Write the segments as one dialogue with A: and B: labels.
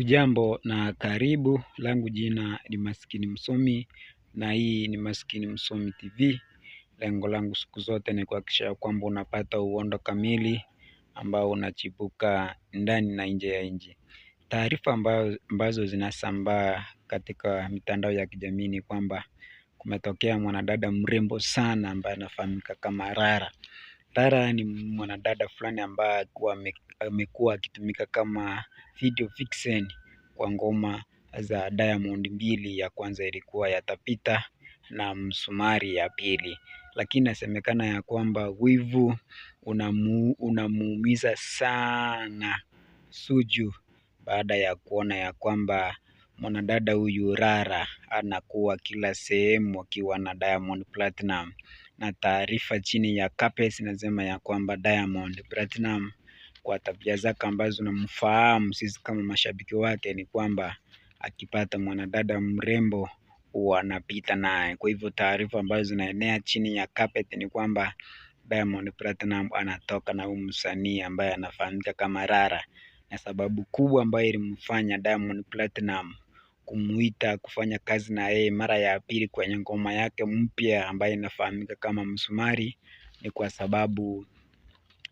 A: Ujambo na karibu, langu jina ni Maskini Msomi na hii ni Maskini Msomi TV. Lengo langu siku zote ni kuhakikisha kwamba unapata uondo kamili ambao unachipuka ndani na nje ya nchi. Taarifa ambazo zinasambaa katika mitandao ya kijamii ni kwamba kumetokea mwanadada mrembo sana ambaye anafahamika kama Rara Tara ni mwanadada fulani ambaye amekuwa akitumika kama video vixen kwa ngoma za Diamond mbili, ya kwanza ilikuwa ya Tapita na Msumari ya pili. Lakini inasemekana ya kwamba wivu unamuumiza sana Suju baada ya kuona ya kwamba mwanadada huyu Rara anakuwa kila sehemu akiwa na Diamond Platinum na taarifa chini ya Capes inasema ya kwamba Diamond Platinum kwa tabia zake ambazo namfahamu sisi kama mashabiki wake ni kwamba akipata mwanadada mrembo huwa anapita naye. Kwa hivyo taarifa ambazo zinaenea chini ya carpet ni kwamba Diamond Platinum anatoka na huyu msanii ambaye anafahamika kama Rara, na sababu kubwa ambayo ilimfanya Diamond Platinum kumuita kufanya kazi na yeye mara ya pili kwenye ngoma yake mpya ambayo inafahamika kama Msumari ni kwa sababu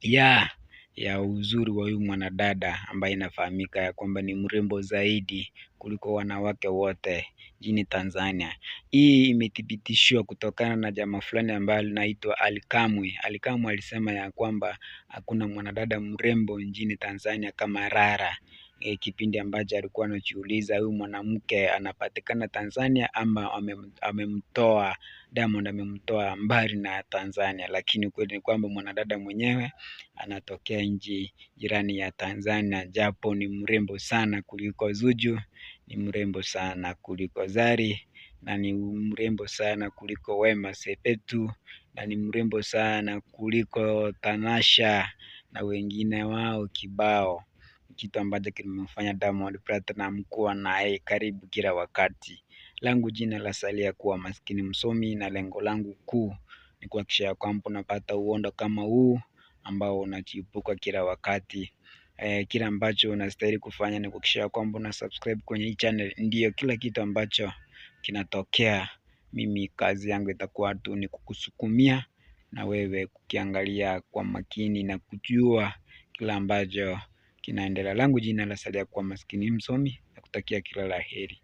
A: ya ya uzuri wa huyu mwanadada ambaye inafahamika ya kwamba ni mrembo zaidi kuliko wanawake wote nchini Tanzania. Hii imethibitishwa kutokana na jamaa fulani ambaye linaitwa Alikamwe. Alikamwe alisema ya kwamba hakuna mwanadada mrembo nchini Tanzania kama Rara. Eh, kipindi ambacho alikuwa anajiuliza huyu mwanamke anapatikana Tanzania ama amemtoa Diamond amemtoa mbali na Tanzania, lakini ukweli ni kwamba mwanadada mwenyewe anatokea nchi jirani ya Tanzania, japo ni mrembo sana kuliko zuju ni mrembo sana kuliko Zari na ni mrembo sana kuliko Wema Sepetu na ni mrembo sana kuliko Tanasha na wengine wao kibao kitu ambacho kimemfanya Diamond Platnumz kuwa naye karibu kila wakati. Langu jina la salia kuwa Maskini Msomi, na lengo langu kuu ni kuhakikisha ya kwamba unapata uondo kama huu ambao unachipuka kila wakati. Eh, kila ambacho unastahili kufanya ni kuhakikisha kwamba una subscribe kwenye hii channel, ndio kila kitu ambacho kinatokea. Mimi kazi yangu itakuwa tu ni kukusukumia na wewe kukiangalia kwa makini na kujua kila ambacho kinaendelea. Langu jina la salia kuwa maskini msomi na kutakia kila la heri.